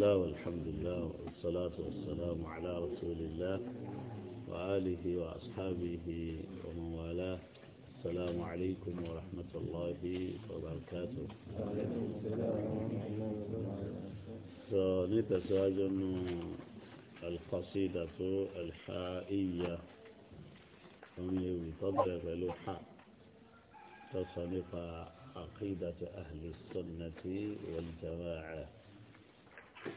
الله والحمد لله والصلاة والسلام على رسول الله وآله وأصحابه ومن والاه السلام عليكم ورحمة الله وبركاته فنتساجن القصيدة الحائية ومن يطبق لوحة تصنف عقيدة أهل السنة والجماعة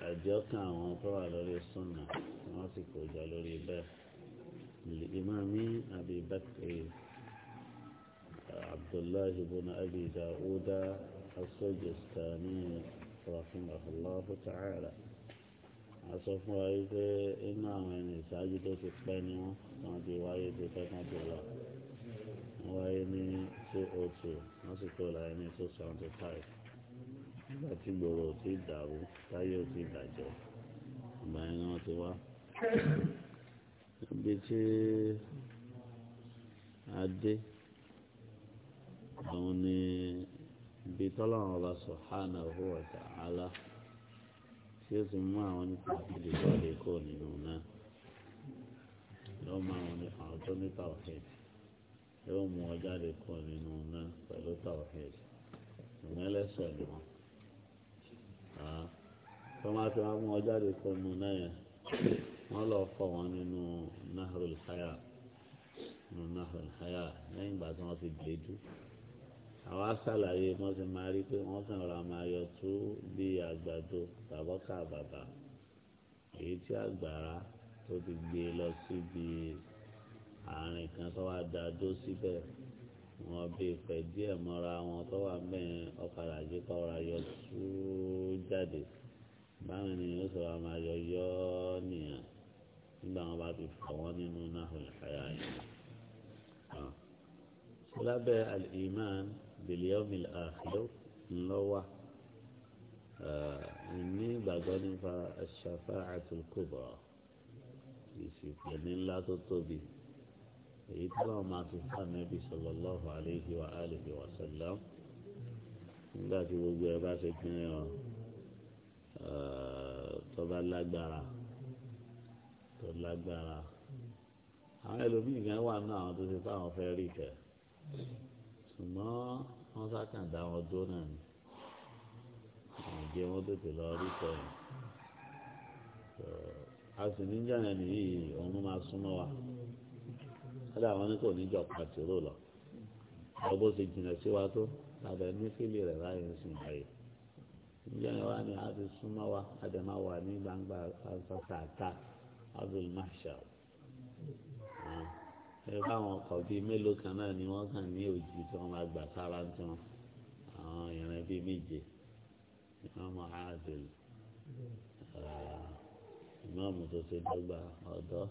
àjọ kan àwọn tó wà lórí súnà wọ́n sì kó jọ lórí bẹ́ẹ̀ ìmáàmí àbí bàkìrì abdullahi ibn abi dawuda as-sijistani rahimahullahu ta'ala a sọ fún wa wípé inú àwọn ẹni ìṣáájú tó ti pẹ́ ni wọ́n wọ́n ti wáyé ti pẹ́ kan ti lọ wọ́n wáyé ní two oh sì kó láyé ní two nígbà tí gbòòrò ò sí dàrú táyé ò ìgbà ti wá. níbi tí a dé àwọn ni ibi tọ́lọ́run ọba ta'ala tí ó ti mú àwọn nípa ìdílé bọ́ọ̀lù kò nínú náà yóò mú àwọn nípa àwọn tó ní yóò mú ọjà lè nínú náà pẹ̀lú tọ́mọ́ ah. tí wọ́n mú ọ jáde kó nu náà yẹn wọ́n lọ fọ wọn nínú nahrul haya nínú nahrul haya lẹ́yìn ìgbà tí wọ́n ti gbèdú àwọn aṣàlàyé wọ́n ti máa rí pé wọ́n kàn ra máa yọ tú bí àgbàdo tàbọ́kà bàbà èyí tí àgbàrá tó ti gbé lọ síbi àárín kan tó wá da dó síbẹ̀ wọn bí ìfẹ́ díẹ̀ mọ́ra wọn tó wà mẹ́rin ọ̀kadà jí kọ́ ra yọ tú jáde báwọn ni yóò sọ̀rọ̀ máa yọ yọ́ nìyẹn nígbà wọn bá ti fọ̀ wọ́n nínú náà ìfàyà yìí. lábẹ́ al-iman bil ńlọ́wà ní ìgbàgbọ́ nípa ash-shafa'atul ìsìnkú ní ńlá tó tóbi èyí tí wọ́n máa fi fún ànábì sallallahu alayhi wa alihi wa sallam nígbà tí gbogbo ẹ bá ṣe pín ọ eh, tó bá lágbára tó lágbára àwọn ẹlòmíì kan wà nínú àwọn tó ṣe fáwọn fẹ́ rí kẹ ṣùgbọ́n wọ́n sákàndá wọn dó náà ni àjẹ wọn tètè lọ rí kẹ eh, a sì níjà yẹn nìyí òun máa súnmọ́ wa kódà àwọn ní kò ní jọ pàtìrò lọ ọgbó ti jìnà sí wa tó tàbí ní fílì rẹ̀ láyé ń sìn báyìí níjọ́ yẹn wá ní a ti súnmọ́ wa a dẹ̀ máa wà ní gbangba àtàtà abdul marshal ẹ báwọn ọkọ̀ bíi mélòó kan náà ni wọ́n kàn ní òjì tí wọ́n máa gbà sára ń tán àwọn ìrìn bíi méje ìmọ̀mù adil ìmọ̀mù tó dọ́gba ọ̀dọ́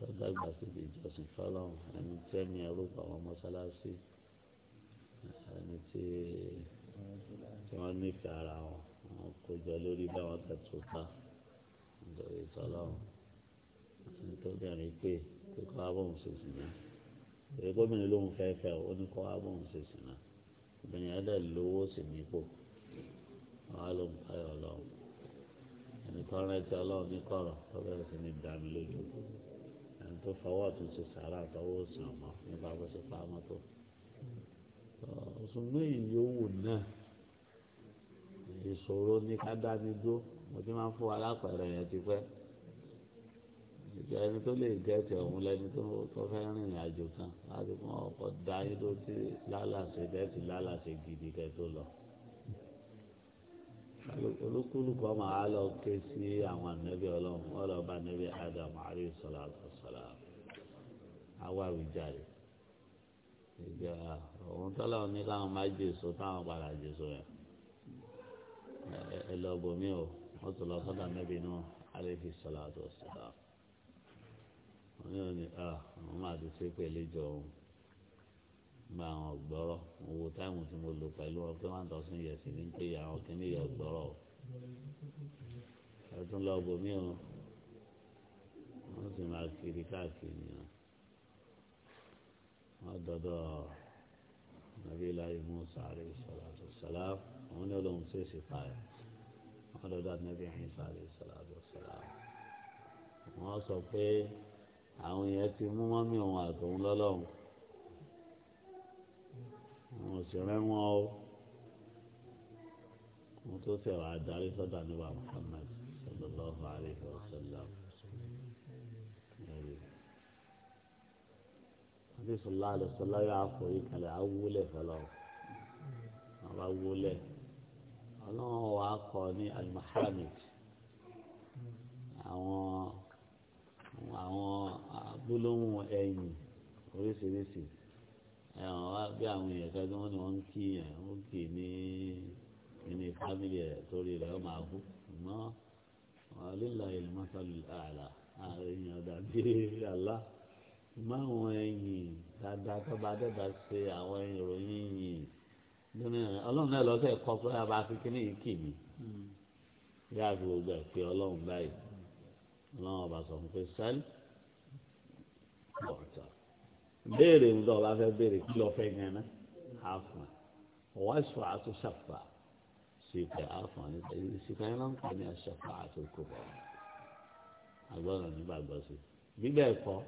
tó dàgbà síbi ìjọsìn fọlọ́run ẹni tí ẹni ẹrú pa àwọn mọ́sálásí ẹni tí wọ́n nífẹ̀ẹ́ ara wọn wọn kó jọ lórí báwọn tẹ̀tù ká nítorí tọ́lọ́run ẹni tó bẹ̀rẹ̀ pé pé kọ́ abóhùn ṣèṣì náà èyí gómìnà lóhùn fẹ́ẹ́fẹ́ ó ní kọ́ abóhùn ṣèṣì náà obìnrin ẹ̀dẹ̀ lówó sì nípò wọn á ló ń payọ̀ ọlọ́run ẹni tó rántí ọlọ́run ní kọ̀rọ̀ tó bẹ̀rẹ̀ sí ní dàmí tó fọwọ́ ọ̀tún ṣe sàrà àtọwọ́ òsì ọmọ nípa bó ṣe pa ọmọ tó ṣùgbọ́n ìyówù náà ìṣòro ní ká dání dó mo ti máa ń fún wa lápẹẹrẹ yẹn ti pẹ́ ìjọ ẹni tó lè gẹ̀ẹ́tì ọ̀hún lẹ́ni tó fẹ́ rìnrìn àjò kan láti fún ọkọ̀ dání dó tí lálàṣẹ gẹ̀ẹ́tì lálàṣẹ gidi kẹ́ tó lọ olúkúlùkù ọmọ àlọ́ ké sí àwọn ànábì ọlọ́run ọlọ́ba ànábì adam alayhi salatu wa salam awa àwùjáde ìgbà òun tọ́lá òní káwọn máa jèso táwọn padà jèso yẹn ẹ lọ bòmí o wọ́n tún lọ sọ́dọ̀ ànábì náà alayhi salatu wa salam ní ah òun máa ti ṣe pẹ̀lú ìjọ gba àwọn ọ̀gbọ́rọ̀ owó táìmù tí mo lò pẹ̀lú ọpẹ́ one thousand years ní pé àwọn kìíní yẹ ọ̀gbọ́rọ̀ o ẹtún lọ bòmí o wọ́n sì máa kiri káàkiri o wọ́n dọ́dọ̀ nàbí láyé Musa alayhi salatu salam àwọn ní olóhùn sí èsì pààyà wọ́n dọ́dọ̀ nàbí Isa alayhi salatu salam wọ́n sọ pé àwọn yẹn ti mú mọ́mí òun àtòun lọ́lọ́run wọn ò sì rẹ́wọ̀n o wọn tó tẹ̀ wá darí sọ́dọ̀ níwà Muhammad sallallahu alayhi wa sallam. Nabi sallallahu alayhi wa sallam yóò àforí kalẹ̀ awúlẹ̀ o àwọn awúlẹ̀ ọlọ́run wa kọ ní alimahamid àwọn àwọn gbólóhùn ẹ̀yìn oríṣiríṣi ẹ̀wọ̀n wá bí àwọn èèyàn kan tí wọ́n ní wọ́n ń kí ẹ̀ ó kì ní ẹni fámìlì rẹ̀ torí rẹ̀ ó máa kú mọ́ ọ̀lẹ́là ìlúmọ́sálù àlà èèyàn dàbí àlá máwọn ẹ̀yìn dáadáa tó bá dẹ́gbà ṣe àwọn ìròyìn yìí ọlọ́run náà lọ́sẹ̀ kọ́ pé a bá fi kíní yìí kì mí bí a fi gbogbo ẹ̀ pé ọlọ́run báyìí ọlọ́run ọba sọ fún pé sẹ́lì ọ̀tọ̀ béèrè ń dọ̀ bá fẹ́ béèrè kí lọ fẹ́ gan ná àfọ̀n ọ̀wá ìṣòro àti ṣàfà ṣìkà àfọ̀n nípa ìlú ṣìkà yẹn náà ń pè ní ṣàfà àti kòkòrò agbọ́dọ̀ nígbàgbọ́ sí gbígbà ẹ̀kọ́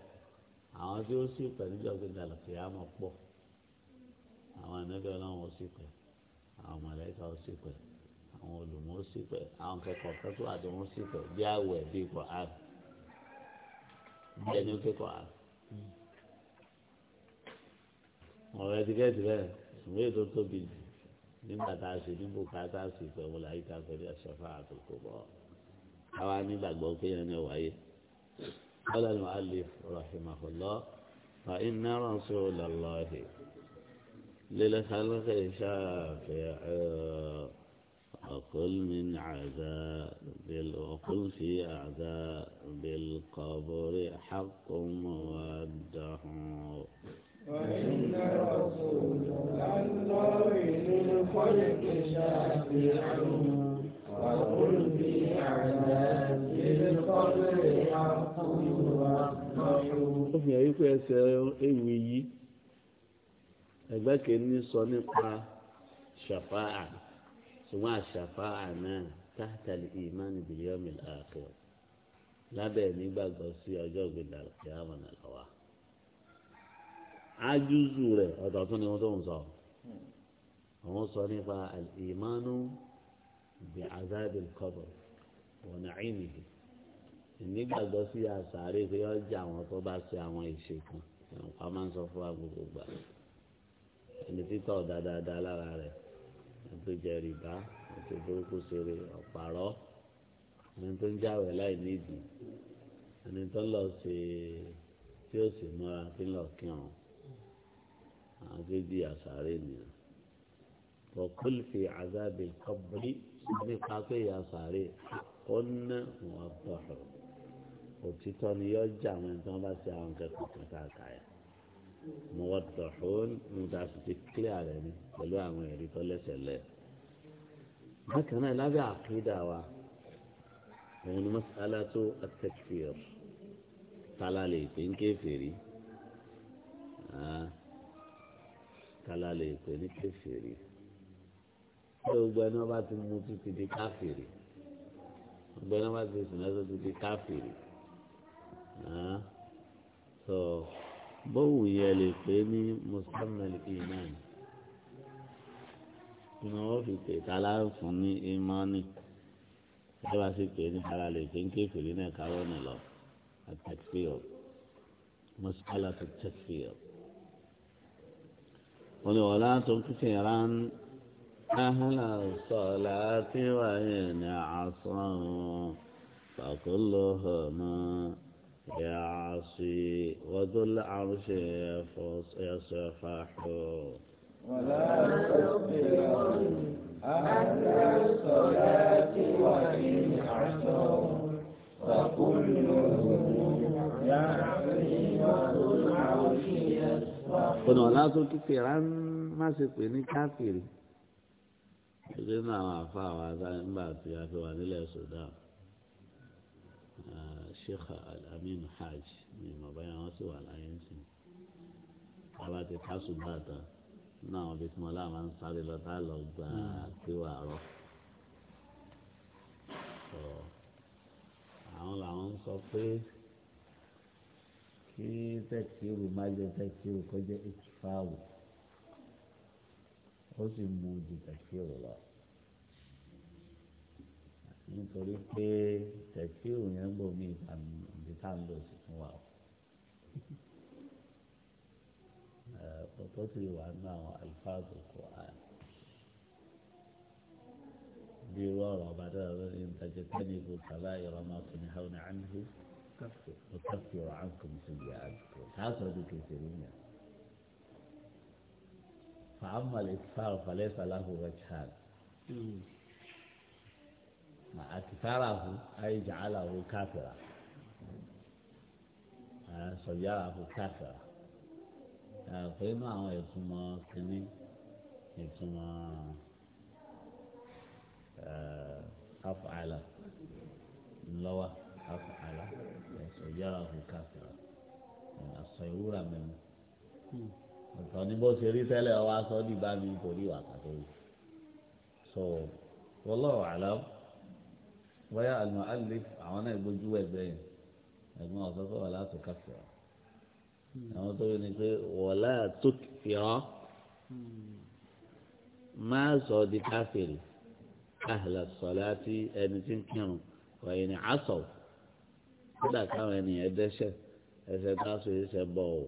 àwọn tí ó sì pẹ̀ níjọ́ gbé dàlọ́ kì á mọ̀ pọ̀ àwọn ànábì ọlọ́run ó sì pẹ̀ àwọn mọ̀lẹ́kà ó sì pẹ̀ àwọn olùmọ̀ ó sì pẹ̀ àwọn kẹ́kọ̀ọ́ kẹ́kọ̀ọ́ àti wọn ó sì pẹ̀ bí àwẹ̀ bí kọ̀ á bí ẹni ó kẹ́kọ̀ọ́ á. ọ̀rọ̀ ẹtikẹ́tì bẹ́ẹ̀ ìwé ètò tóbi nígbà tá a sì ní bùkà tá a sì fẹ́ wọ́n láyé ká fẹ́rẹ́ ṣẹfà àtòkò bọ̀. Àwa nígbàgbọ́ pé yẹn ní ọ̀wáyé. Bọ́lá ní buka ta a sí fe won pẹ̀lú àyíká pẹ̀lú ẹ̀ṣọ́fà àtòkò bọ̀ àwa nígbàgbọ́ pé yẹn ní lọ, bola ni wáyé. قال المؤلف رحمه الله فإن رسول الله للخلق شافع وقل من عذاب وقل في bẹ́lẹ̀ kọ́bọ̀rẹ́ حق dàhùn. وإن رسول الله للخلق شافعا وقل في عذاب القبر حق وأصلح. ẹgbẹ́ kìíní sọ nípa ṣàfáà ṣùgbọ́n àṣàfáà náà táàtàlì ìmánu bìlíọ̀mù àkẹ́wò lábẹ́ nígbàgbọ́ sí ọjọ́ ìgbìlá ìyá àwọn ájúzù rẹ̀ ọ̀tọ̀ tún ni wọ́n tó ń sọ àwọn sọ nípa ìmánú bí azabil kọ́bọ̀ wọ̀nà ìnìyí ìnígbàgbọ́ sí àṣàrí pé ọjà àwọn tó bá ṣe àwọn ìṣègùn nǹkan máa ń sọ fún wa gbogbo gbà ẹni títọ́ dáadáa lára rẹ̀ ẹni jẹ rìbá ètò burúkú ṣeré ọ̀pàrọ̀ ẹni tó ń jáwé láì ẹni tó ń lọ ṣe tí ó sì mọ́ra tí ń lọ kírun. عجيبي أسارين وكل في عذاب القبر صدقات يا ساري قلنا موضح وتتون يرجع من تنبا سيعون كتاكايا موضحون متاسفكلي عليني بلو عمو يريد الله سلي لكن لا بعقيدة و يعني مسألة التكفير تعالى لي كيفيري آه kálá lè pè ní kẹfìrí tí gbogbo ẹni wọn bá ti mú títí di káfìrí gbogbo ẹni wọn bá ti sùn lọ́sọ̀ títí káfìrí sọ bóun yẹ lè pè ní musamman iman ni wọn fi pè kálá fún ní imani ẹ bá sì pè ní kálá lè pè ní kẹfìrí náà káwọn nìlọ àtẹkfíọ mọsálà tó wọ́n ní ọ̀la tó ń kíkẹ́ yàrá ń ahàlà sọ̀lá tí wàyé ní àsán فكلهم يعصي وذو العرش يصفح ولا تستطيع أحد ọ̀nà ọ̀làtò kíkẹ́ rán má ṣe pè ní káfíìrì ṣe ní àwọn àfa àwọn àtàǹgbà tí a fi wà nílẹ̀ Sudan Sheikh Al-Amin Hajj ní ìmọ̀báyà wọn sì wà láyé ń sìn bàbá ti ká Sudan tán ní àwọn ibi tí wọn láwọn máa ń sáré lọ tá lọ gbà á pé rọ àwọn làwọn sọ pé kí tẹ̀síìrù má jẹ tẹ̀síìrù kó jẹ́ ìkífàwò ó sì mú ju tẹ̀síìrù lọ nítorí pé tẹ̀síìrù yẹn gbò mí ìdí tá à ń lò sí fún wa o tó ti wà ní àwọn alifáàbù kò án bí irú ọ̀rọ̀ ọba dára lórí ìtajà tẹ́lifù kàlá ìrọ̀mọ́kùnrin hàn ní àníhù. يكفر عنكم سيئاتكم هذا الكثيرين فأما الإكفار فليس له وجهان مع كفاره أي جعله كافرا آه، سجاره كافرا آه، فيما هو يسمى كني يسمى آه، أفعل لوه أفعل ìyáàhù káfíà àṣọ ìwúrà mẹ́mu hmm. ọ̀tọ̀ ní bó ṣe rí tẹ́lẹ̀ ọwọ́ aṣọ dìbà mi nítorí ìwà kàtẹ́yì so wọlọ́ọ̀ àlá wáyà àlùmọ́ àlè àwọn náà gbójú ẹgbẹ́ yẹn ẹ̀gbọ́n ọ̀sán fún wàlá tó káfíà àwọn tó yẹ ni pé wọlá tó kìfìà máa sọ di káfíìrì àhìlà sọlá tí ẹni tí ń kírun wọ̀nyí ni àṣọ kódà káwọn ènìyàn dẹ́ṣẹ̀ ẹ̀ṣẹ̀ káṣù ìṣẹ̀ bọ̀ ọ́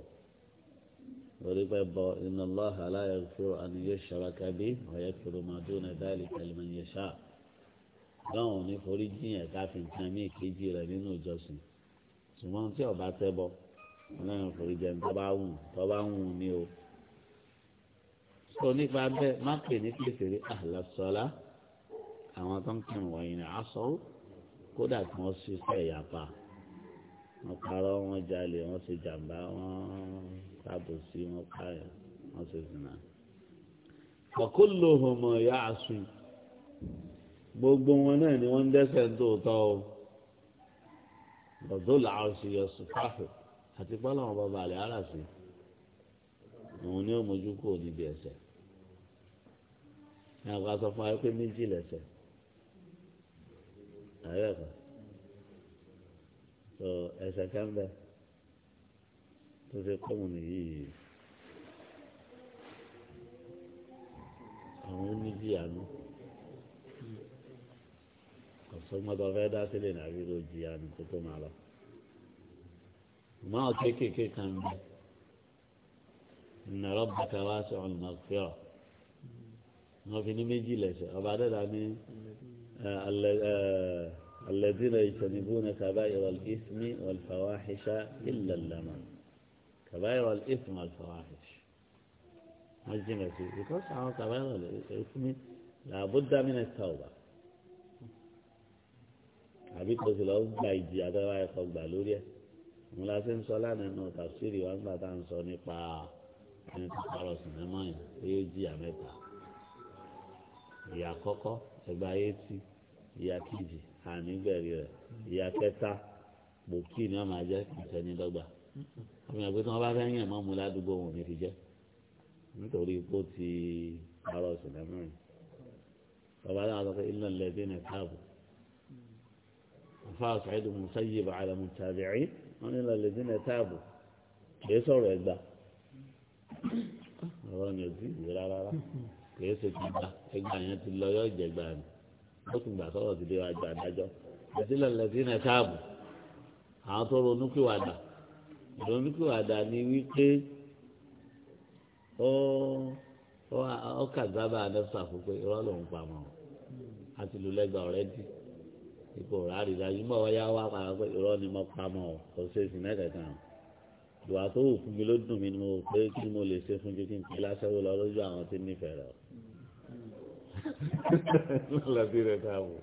lórí pẹ́ bọ inna Allaha la yaghfiru an yushraka bihi wa yaghfiru ma duna dhalika liman yasha lọ́wọ́n ní forí jiyàn káfí nǹkan mí kejì rẹ̀ nínú ìjọsìn ṣùgbọ́n tí ọba tẹ́ bọ ọlọ́run forí jẹun tó bá wù tó bá wù ní o. sọ nípa bẹ́ẹ̀ má pè ní kékeré àlàsọ́lá àwọn tó ń kírun wọ̀nyí ni aṣọ́ kódà kí wọ́n ṣiṣẹ́ ìyapa wọ́n parọ́ wọ́n jalè wọ́n ṣe jàǹbá wọ́n sábòsí wọ́n pààyàn wọ́n ṣe zìnà. kulluhum ya'sun gbogbo wọn náà ni wọ́n ń dẹ́ṣẹ̀ tòótọ́ o bọ̀dọ́ làwọn ṣe yọ sùpáfẹ́ àti pálọ̀wọ̀n bàbá àlẹ́ àràṣe òun ni ó kò níbi ẹ̀ṣẹ̀ ní àgbà sọ fún ayé pé méjì lẹ̀ṣẹ̀ àyẹ̀kọ̀ so ẹsẹ̀ kan bẹ tó fi kọ́mù nìyí àwọn oníjì àánú ọ̀sọ́gbọ́dọ̀ fẹ́ dá sílẹ̀ nàbí ló jí àánú kó tó máa lọ. máa kéékèèké kan bẹ ìnà rabbaka wasi'ul maghfirah wọn fi ní méjì lẹsẹ ọba dẹ́dà ní eh, ẹ ẹ. Eh, الذين يجتنبون كبائر الإثم والفواحش إلا اللمم كبائر الإثم والفواحش الجملة because our كبائر الإثم لابد من التوبة àbí kò sì lọ gba ìjì àtàwọn ẹ̀kọ́ gbà lórí ẹ̀ òun la ṣe ń sọ lánàá nù tàfsírì wa nígbà tá à ń sọ nípa ẹni tó parọ́ sinimá yẹn ó yóò jìyà mẹ́ta ìyà àkọ́kọ́ ẹgbàá yétí ìyà kejì ànígbẹ̀rí rẹ̀ ìyá kẹta bòkì ni wọ́n máa jẹ́ ìtẹ́nidọ́gba ọmọ ẹgbẹ́ tí wọ́n bá fẹ́ yàn mọ́mú ládùúgbò wọn ní fi jẹ́ nítorí ipò ti ara ọ̀sẹ̀ lẹ́mọ̀rin bàbá náà sọ pé iná lẹ́bí ní káàbù afa sàìdù musayyib ala mutabi'in wọn ní iná lẹ́bí ní káàbù kìí sọ̀rọ̀ ẹgbà ọ̀rọ̀ ni ò tí ì rárá kìí ṣe ti gbà ẹgbà yẹn ti lọ yọ ó sì gbà sọ̀rọ̀ sílé wa ju adájọ́ ìdílé lẹ́sìnà táàbù àwọn tó ronúkìwàdà ronúkìwàdà ni wípé ó ó kàdábà anẹ́sà fún pé irọ́ lòún pamọ́ àti lùlẹ́gbà ọ̀rẹ́dì ipò rárí dájú mọ́ ọ yá wá padà pé irọ́ ni mo pamọ́ kò ṣe èsì mẹ́tẹ̀ẹ̀ta ìwà tó wù fún mi ló dùn mí ni mo pé kí mo lè ṣe fún ju kí n kí lásán lọ lójú àwọn tí nífẹ̀ẹ́ rẹ̀ o lọ́lọ́bí rẹ̀ ká wò.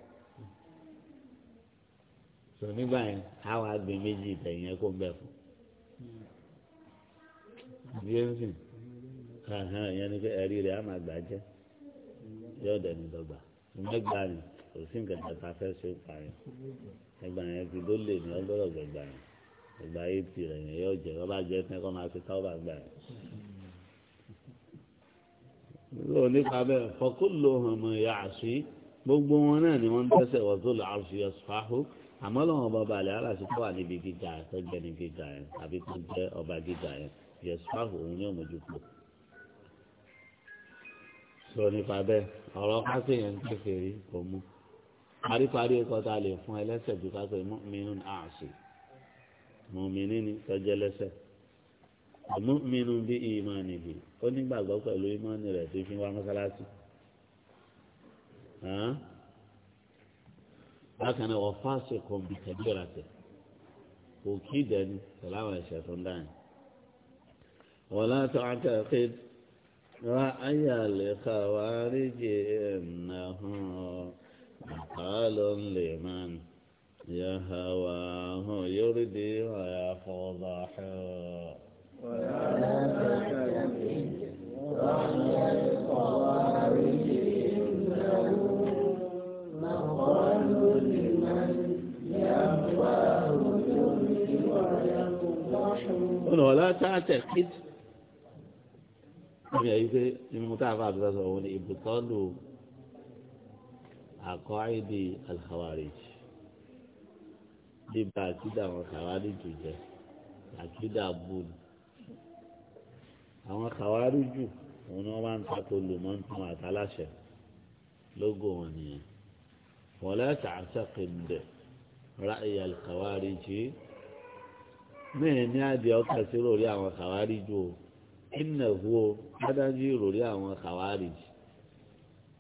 sọ nígbà yẹn àwọn àgbẹ̀ méjì ìtẹ̀yìn ẹ̀ kó ń bẹ̀ fún. bí ẹ ń sìn ìyẹn ni pé ẹ̀rí rẹ̀ á máa gbà jẹ́ yóò dẹ̀ni dọ́gba mẹ́gbà ni kò sí nǹkan tẹ̀ta fẹ́ ṣe pa yẹn ẹgbà yẹn ti tó lè ní ọgbọ́dọ̀ gbẹ̀gbà yẹn ẹgbà yẹn ti rẹ̀ yẹn yóò jẹ́ ọba jẹ́ fún ẹ kọ́ máa fi táwọn bá gbà yẹn lọ nípa bẹ́ẹ̀ fọkúlò hàmù ìyá àṣì gbogbo wọn náà ni wọ́n ń tẹ́sẹ̀ wọ́n tó lọ àṣì ọ̀sùfáhù àmọ́ lọ́wọ́ bàbá àlẹ́ aláṣẹ tó wà níbi gíga tó jẹ́ ní gíga yẹn àbí tó jẹ́ ọba gíga yẹn ọ̀sùfáhù òun ni òmùjú kù. sọ nípa bẹ́ẹ̀ ọ̀rọ̀ kásẹ̀ yẹn kékeré kò mú paríparí ẹ̀kọ́ ta lè fún ẹlẹ́sẹ̀ bí kásẹ̀ mọ́mìnún àmúmínú bí ìmánì bì ó nígbàgbọ́ pẹ̀lú ìmánì rẹ̀ tó fi wá mọ́sálásí. bákan náà wọ́n fáṣẹ kọ̀m̀bì tẹ̀lé ọ̀rà tẹ̀ kò kí dẹni pẹ̀lú àwọn ẹ̀ṣẹ̀ tó ń dáyìn. wọ́n látọ̀ àtẹ̀kẹ́ ra ayàlẹ̀ kàwárí jẹ́ ẹ̀nàhùn àkàlọ́ ńlẹ̀ mánì. يا هواه يردي ويا فضحه تعتقد يعني المتابعة بتصورون إبطال عقائد الخوارج دي بعد كده الخوارج وجه عقيدة أبون àwọn kàwárí jù òun náà wá ń takò lòmọ́ntún àtàláṣẹ lógo wọn nìyẹn wọlé tàṣàkìndẹ ráàyè kàwárí jì mẹ́rin ní adìẹ ọkà sí rori àwọn kàwárí jù o ìnà hu o adájú rori àwọn kàwárí jì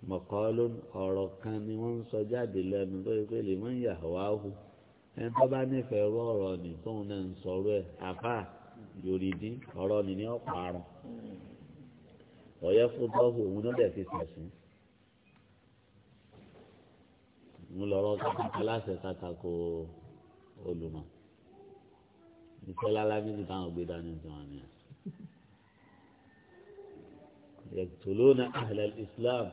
mọ̀kọ́ló ọ̀rọ̀ kan ni wọ́n ń sọ jáde lẹ́nu tó yẹ pé lè mọ̀ ń yà ẹni tó bá nífẹ̀ẹ́ rọ̀ ọ̀rọ̀ nìkan náà ń sọ̀rọ̀ ẹ̀ àfáà yorùdí ọ̀rọ̀ ni ní ọ̀pọ̀ àrùn ọ̀yẹ́ fún bọ́ọ̀hù òun ló dẹ̀ fi sẹ̀sùn mo lọ́rọ́ aláṣẹ kàkàkọ́ olùmọ̀ ìfẹ́ lálábí ti táwọn gbé dání tí wọ́n ní ẹ̀. yaqtuluna ahla islam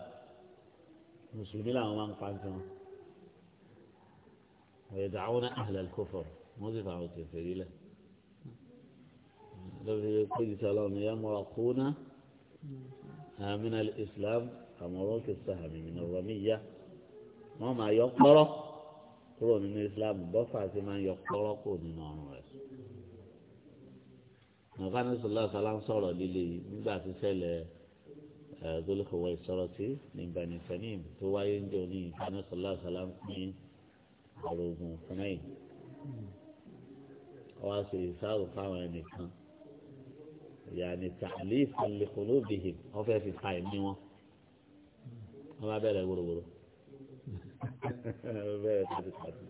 mùsùlùmí làwọn máa ń pa jọ wa yad'una ahla al-kufr wọ́n sì rí lẹ̀ lórí pé ìṣọlá ọ̀nà yà mọ̀ra kúnà àmìnà islam àmọ̀rọ̀ kìsà àmìnà rọ̀míyà wọ́n máa yọ kpọ́rọ́ kúrò nínú islam bọ́fà sí máa yọ kpọ́rọ́ kúrò nínú ọ̀run rẹ̀. nàfà ní sọlá sọlá ń sọ̀rọ̀ líle yìí nígbà tí ṣẹlẹ̀ ẹ̀ẹ́dọ́lẹ́kọ̀wé sọ̀rọ̀ sí nígbà ní sẹ́nìm tó wáyé ń jọ ní ìfẹ́ ní sọlá sọlá ń pín ọ̀rọ̀ ogun fún ẹ̀yìn. ọwọ́ àṣírí sáà yàní tàlíf alìkòlóbìhìm wọ́n fẹ́ fi pa ẹ̀mí wọn wọ́n bá bẹ̀rẹ̀ wòròwòrò bẹ̀rẹ̀ tàbí tàbí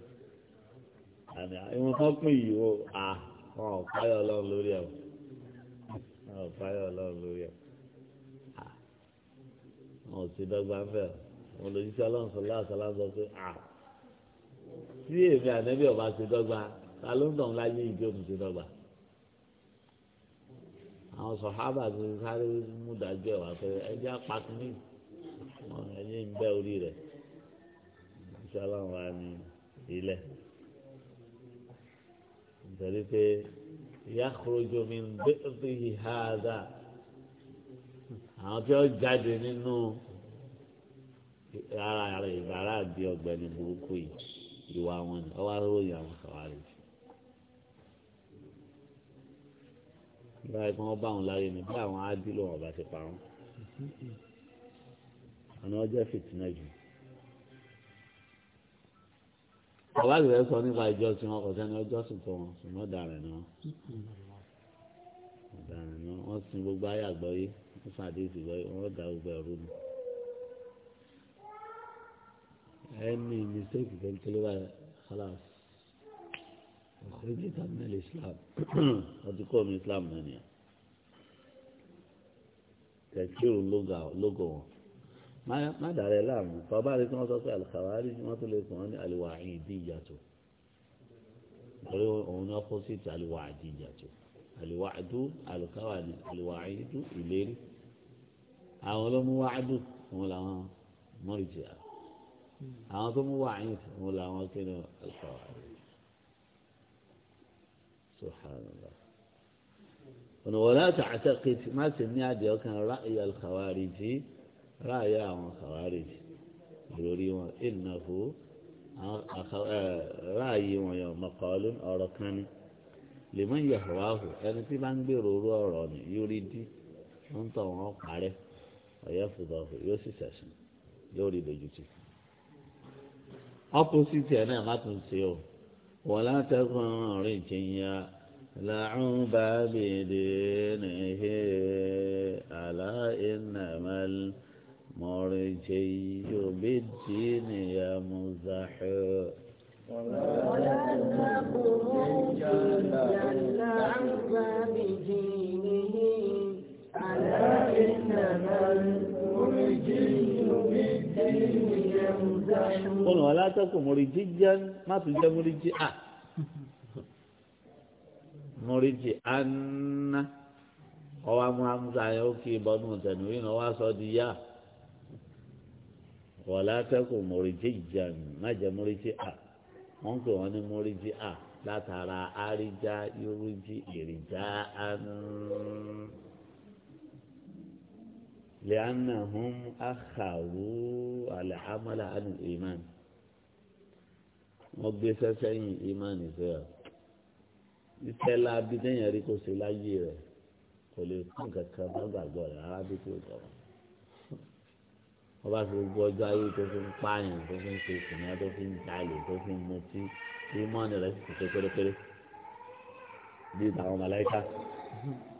àmì àwọn kan pín yìí o à wọn ò fáyọ̀ ọlọ́run lórí ẹ̀ wọn ò fáyọ̀ ọlọ́run lórí ẹ̀ wọn ò sí dọ́gba ń fẹ́ wọn lòdì sí ọlọ́run sọlá sọlá sọ pé à tí èmi ànẹ́bí ọba ti dọ́gba ta ló ń dàn láyé ìdí òun ti dọ́gba àwọn sọ̀hábà ti sáré mú dájú ẹ̀ wá pé ẹjẹ́ apakínní ẹ̀yìn ń bẹ́ orí rẹ̀ ìṣọ́lá wa ní ilẹ̀ nítorí pé yakhruju min bi'tihi hadha àwọn tí ó jáde nínú ara ìbára àbí ọ̀gbẹ́ni burúkú yìí ìwà wọn ni ọwọ́ aróyìn àwọn sọ̀hábà yìí. báyìí kí wọ́n bá wọn láyé ni bí àwọn ádìlò wọn bá ti pa wọn. àná ọjọ́ fìtínà jù. ọba ìrẹ́ sọ nípa ìjọsìn wọn kò sẹ́ni ọjọ́ sùn tó wọn ṣùgbọ́n ọ̀daràn náà ọ̀daràn náà wọ́n sin gbogbo ayé àgbọ́yé wọ́n sin àdéhùn gbọ́yé wọ́n da gbogbo ẹ̀rú mi. ẹni mistake tó ń tẹ́lẹ̀ kálá sí. أخرجت من الإسلام وتقوم الإسلام هنا تكفير اللغة لغة ما ما دار الإسلام طبعا كما تقول الخوارج ما تقول لكم الوعيدية هنا خصيت الوعدية الوعد الخوارج الوعيد إلين أولم وعد ولا مرجع أولم وعيد ولا مكان الخوارج subhanallah ọ̀nà wọlé àtàkì má sì ní adìẹ ọkàn ráàyè alkhawariji ráàyè àwọn khawariji ìròrí wọn ìnáfó ráàyè wọn yọ mọ̀kọ́lún ọ̀rọ̀ kan ni lèmọ́n yahwahu ẹni tí bá ń gbèrò orú ọ̀rọ̀ ni yóò rí dí ń tọ̀ wọ́n parẹ́ ọ̀yẹ́ fúdọ̀fù yóò sì sẹ̀sìn yóò rí dojútì. ọkùnrin sì tiẹ̀ náà má tún ṣe o. ولا تكن رجيا لعب بدينه ألا إنما المرجي بالدين يا مزح ولا تكن رجيا لعب بدينه ألا إنما kọ́nà alátẹ́kùn mọ̀rí jíjẹ́ má tún jẹ́ mọ̀rí jí à mọ̀rí jí àná ọwọ́ amú amúta yẹn ó kí ìbọnú tẹ̀nu yìí náà wá sọ di yá wọ́n alátẹ́kùn mọ̀rí jíjẹ́ má jẹ́ mọ̀rí à wọ́n pè wọ́n ní mọ̀rí à látara àríjá irújí èrìjá àná. لأنهم أخذوا العمل عن الإيمان wọ́n gbé sẹ́sẹ́ yìn ìmánì sí ọ iṣẹ́ láabi téèyàn rí kó ṣe láyé rẹ̀ kò lè fún kankan má gbàgbọ́ rẹ̀ rárá bí kò tọ̀ wọ́n bá fi gbogbo ọjọ́ ayé tó fi ń pààyàn tó fi ń ṣe ìsìnà tó fi ń jalè tó fi ń mutí ìmánì rẹ̀ sì ṣe pérépéré bíi tàwọn màláíkà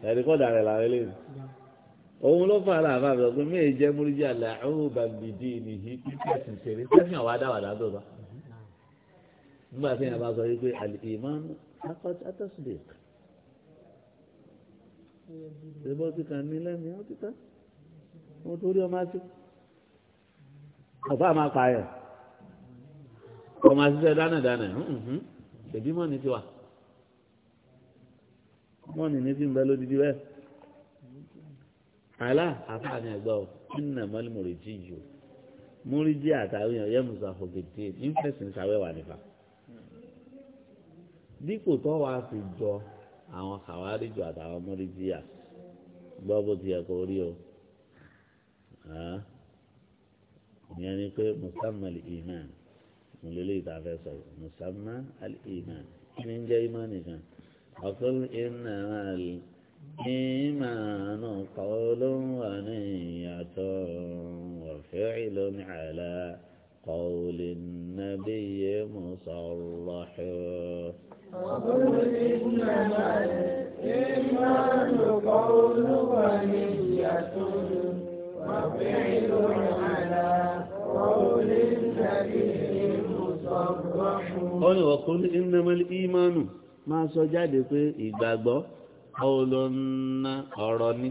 ẹ̀rí dàrẹ̀ làwọn eléyìí òun ló fà á láàbà bẹ̀rẹ̀ pé mí jẹ́ múrídìí àlẹ́ àwọn bàbìdì nìyí pípẹ́sì ṣeré tẹ́sán àwọn adáwàdà tó bá. nígbà tí yẹn bá sọ wípé al-iman akọ́tí atọ́sídẹ̀ ṣèbọ́ ti kàn ní lẹ́nu ó ti tán mo torí ọmọ àti ọ̀fà máa pààyàn ọmọ àṣìṣe dánàdánà ṣèbí mọ́ni ti wà mọ́ni ní ti ń bẹ lódìdí bẹ́ẹ̀ àlá àfààní ẹgbẹ́ ò nínú ẹ̀mọ́lì mòrìjì yìí mòrìjì àtàwọn èèyàn yẹ musa fòkètè ìfẹsìn sàwẹ́wà nípa dípò tó wá fi jọ àwọn kàwáríjọ àtàwọn mòrìjì à gbọ́ bó ti yẹ kó rí o ìyẹn ni pé musamman al-iman mo lè lè ta fẹ́ sọ̀rọ̀ musamman al-iman kí ni ń jẹ́ iman nìkan ọ̀kọ́ ìnáwó àlè. إيمان قول ونية وفعل على قول النبي مصرح وقل إنما الإيمان قول ونية وفعل على قول النبي مصرح قل وقل إنما الإيمان máa sọ jáde pé ọlọ́nà ọ̀rọ̀ ni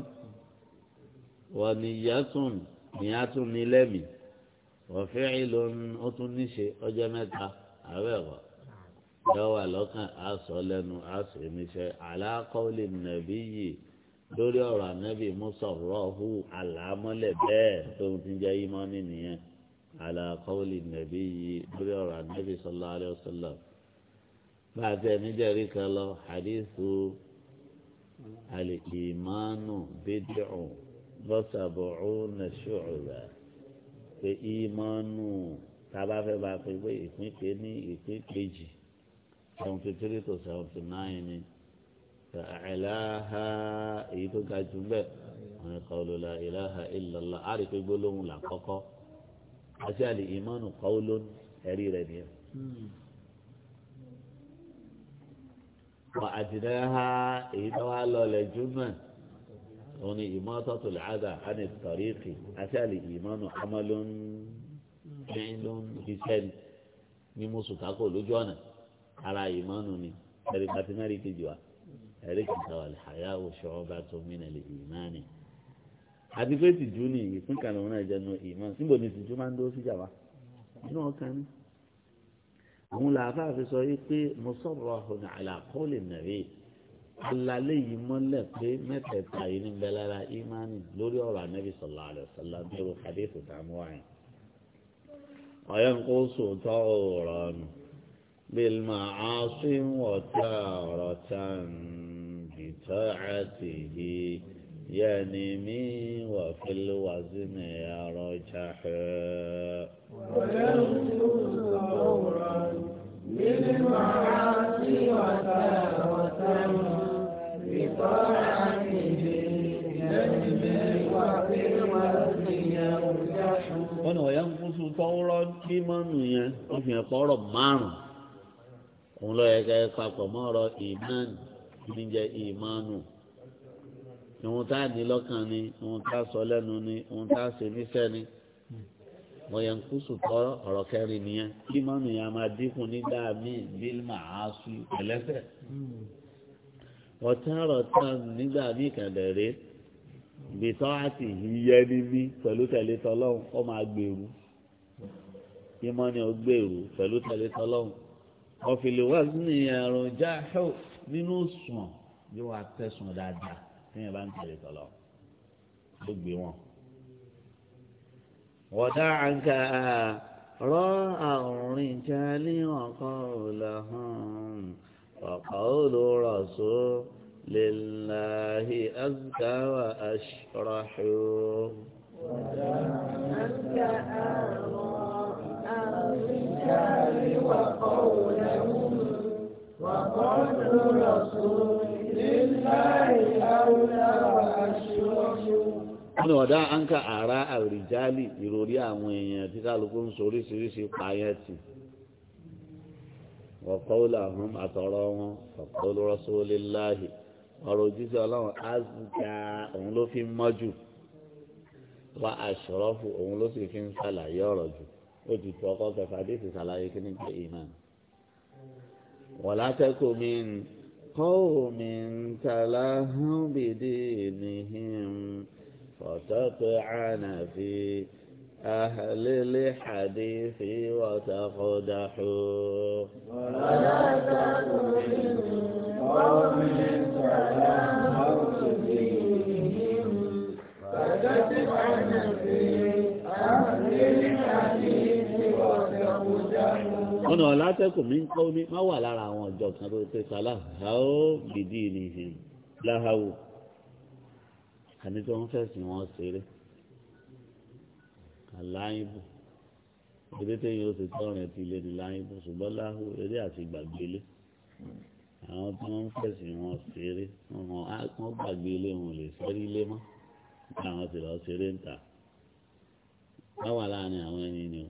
wọ́n ní yàtún ní yàtún أبغى lẹ́mìí wọ́n fẹ́ẹ́ lọ ó tún níṣe ọjọ́ mẹ́ta àwẹ̀wọ̀ yọ̀wà lọ́kàn àṣọ lẹ́nu àṣọ níṣẹ́ aláàkọ́lé nàbí yìí lórí ọ̀rọ̀ ànábì musa rọ́ọ̀hù àlàámọ́lẹ̀ bẹ́ẹ̀ tó ti jẹ́ ìmọ́ni nìyẹn aláàkọ́lé nàbí yìí lórí ọ̀rọ̀ ànábì sallallahu alaihi wasallam bá a tẹ̀ níjẹ̀rí kan lọ hadithu alìkìmánù bídìrù lọ́sàbọ̀rù nàṣọ́ọ̀dà pé ìmánù tábà fẹ́ bá pé pé ìpín pé ní ìpín kejì seventy three to seventy nine ni ẹ̀láha èyí tó ga jù bẹ́ẹ̀ wọn ni kọ́ lóla ìláha ìlàlá á rí pé gbólóhùn là kọ́kọ́ àti àlè ìmánù kọ́ lónìí ẹ̀rí rẹ̀ nìyẹn. wọ́n àdìrẹ ha èyí tó wá lọlẹ júmọ òun ni ìmọ́tọ́tò làádà àni tọ̀ríkì àti àlè ìmọ̀nù amọ́lóń lóń iṣẹ́ ni ní mùsùlùmí lójú ọ̀nà ara ìmọ̀nù ni ẹ̀rí pàtí náà rí kejì wa ẹ̀rí kìtà wà lè hàyà òṣù ọba tó mìíràn lè ìmánì. àti pé tìjú ni ìpín náà jẹ́ nu ìmọ̀ síbò ni tìjú máa ń dúró síjà wa inú ọkàn ni òun làáfà fi sọ yìí pé mùsọ̀rọ̀ ọ̀hún àlàkọ́ọ̀lì nàbí alalẹ́ yìí mọ́lẹ̀ pé mẹ́tẹ̀ẹ̀ta yìí ní bẹ́ẹ̀ lára ìmánì lórí ọ̀rọ̀ anábì sọ̀lá àlọ́ sọ̀lá bí irú kàdéfù dààmú wáyé. ọ̀yọ́ ń kó sòótọ́ ọ̀rọ̀ nù bíi máa á wọ̀tá ọ̀rọ̀ tá bìtọ́ àtìyí. ينمي وفي الوزن يرجح وينقص عورا للمعاصي وتاوة بطاعته ينمي وفي الوزن يرجح wọ́n wọ̀ yẹnkusu tọ́wọ́rọ́ bí mọ́nù yẹn wọ́n fi hàn pọ́rọ̀ márùn-ún òun lọ́ọ́ yẹ kẹ́ papọ̀ mọ́ ọ̀rọ̀ ìmánì níjẹ́ ìmánù ìwọ̀n tá a ní lọ́kàn ni ìwọ̀n tá a sọ lẹ́nu ni ìwọ̀n tá a ṣe níṣẹ́ ni mọ̀yànkúsù kọ́ ọ̀rọ̀ kẹrin nìyẹn kí mọ́mí yẹn máa dínkù nígbà míì bíl màá su ẹlẹ́sẹ̀ ọ̀tá ọ̀rọ̀ tán nígbà míì kẹ̀dẹ̀ rèé bìtọ́ àti yíyẹ níbí pẹ̀lú tẹ̀lé tọlọ́hún ó máa gbèrú ìmọ̀ ni ó gbèrú pẹ̀lú tẹ̀lé tọlọ́hún ọ̀fìlì wá sí ni ẹ̀rùn jáhó nínú sùn yóò wá tẹ̀sùn dáadáa tí yẹn bá ń tẹ̀lé tọ̀lọ̀ ló gbé wọn. wọ́dà àǹkà rọ àrùn jálí ọkọ̀ òlàhùn ọ̀kọ̀ olùrọ̀sọ lèláhi azkà wà aṣọ́raṣọ́. wọ́dà àǹkà rọ àrùn jálí ọkọ̀ òlàhùn ọ̀kọ̀ olùrọ̀sọ wọ́n ní ọ̀dá àǹkà ara àrìjálì ìròrí àwọn èèyàn tí kálukú ń soríṣiríṣi pààyàn tì ọ̀kọ́wọ́lá àwọn àtọ̀rọ̀ wọn ọ̀kọ́wọ́lá rọ́sọ́lélàhì ọ̀rọ̀ òjíṣẹ́ ọlọ́run azùkà òun ló fi mọ́jú wá àṣọrọ́fù òun ló sì fi ń ṣàlàyé ọ̀rọ̀ jù ó ti tu ọkọ̀ kẹfà dé ti ṣàlàyé kí ní pé ìmọ̀ wọ̀lá tẹ́kọ̀ọ́ mi ń قوم تلهوا بدينهم فتطعن في أهل الحديث وتقدحوا ولا تكن قوم تلهوا بدينهم فتطعن في أهل الحديث ọ̀nà ọ̀làtẹ́kùn mi ń kọ́ mi má wà lára àwọn ọ̀jọ̀ kan tó ṣe sálà àó bìdí ni ìhìn láhàwò àní tí wọ́n fẹ̀sìn wọn ṣeré àláyìnbó eré téèyàn ó ti tọrùn ẹtì ilé ní láyìnbó ṣùgbọ́n láhù eré àti gbàgbélé àwọn tí wọ́n fẹ̀sìn wọn ṣeré wọ́n gbàgbélé wọn lè sẹ́rí ilé mọ́ bí àwọn ti lọ́ọ́ ṣeré ń ta wọ́n láàrin àwọn ẹni ni o.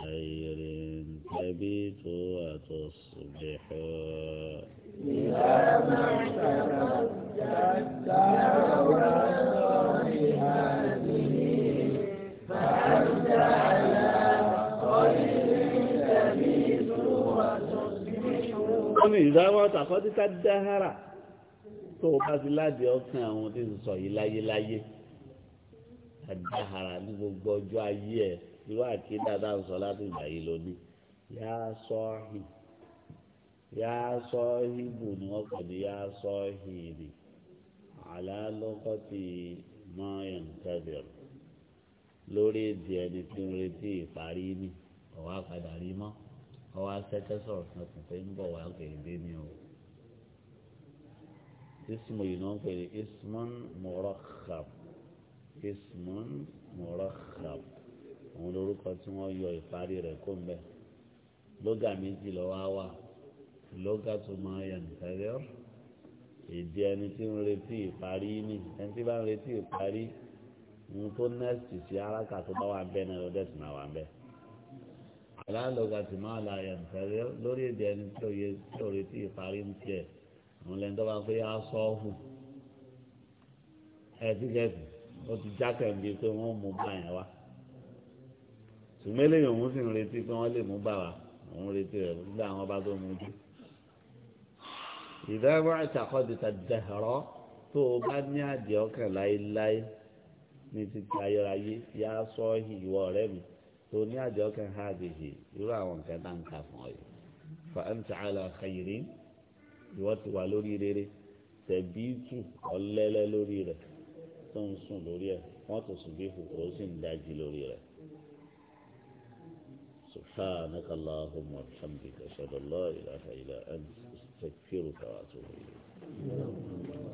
خير تبيت وتصبح يا معشر الدار وصالحاته فأنت على خير تبيت وتصبح قل إذا ما تقدت الدهر tó o bá ti láti ọkàn àwọn tí ń sọ yìí láyéláyé àdáhàrà ní gbogbo ọjọ́ ayé ẹ̀ irú àti dáadáa ń sọ láti ìgbà yìí lónìí yá sọ́ọ̀hì yá sọ́ọ̀hì bù ni wọ́n pè ní yá sọ́ọ̀hì ni àlálọ́kọ́ ti mọ ẹ̀ǹtẹ̀bẹ̀r lórí èdè ẹni tí ń retí ìparí ni ọ̀wá padà rí mọ́ ọ̀wá sẹ́kẹ́ sọ̀rọ̀ kan kò pé ń bọ̀ wá kéde ni o. اسمه ينقل اسم مرخب اسم مرخب òun lorúkọ tí wọ́n yọ ìparí rẹ̀ kó ń bẹ lógà méjì lọ wá wà lógà tó máa yàn tẹ́lẹ̀ èdè ẹni tí ń retí ìparí ni ẹni tí bá ń retí ìparí ń tó nẹ́ẹ̀sì sí arákà tó bá wà bẹ́ẹ̀ náà lọ́dẹ̀ tó máa wà bẹ́ẹ̀ alálọ́gà tí máa la yàn tẹ́lẹ̀ lórí èdè ẹni tí ò yẹ tí ò retí ìparí ń tiẹ̀ àwọn lẹ́ni tó bá pé á sọ́ọ̀fù ẹ̀ ó ti jákèjì ṣùgbọ́n eléyìí òun sì ń retí pé wọ́n lè mú bà wá òun retí rẹ̀ nígbà àwọn bá tó mú jù. ìdáwọ́ àtàkọ́dìtà dẹ̀rọ tó o bá ní àdìẹ ọkàn láéláé ní títí ayérayé yá sọ ìwọ ọ̀rẹ́ mi tó ní àdìẹ ọkàn ha àdìhì irú àwọn nǹkan tá ń kà fún ọ yìí. fa anta ala khairin ìwọ ti wà lórí rere tẹ̀bí tù ọlẹ́lẹ́ lórí rẹ̀ tó ń sùn lórí ẹ̀ wọ́n tó sùn bí kòkòrò sì ń dájí lórí rẹ̀. سبحانك اللهم وبحمدك أشهد ان لا إله إلا أنت استغفرك وأتوب إليك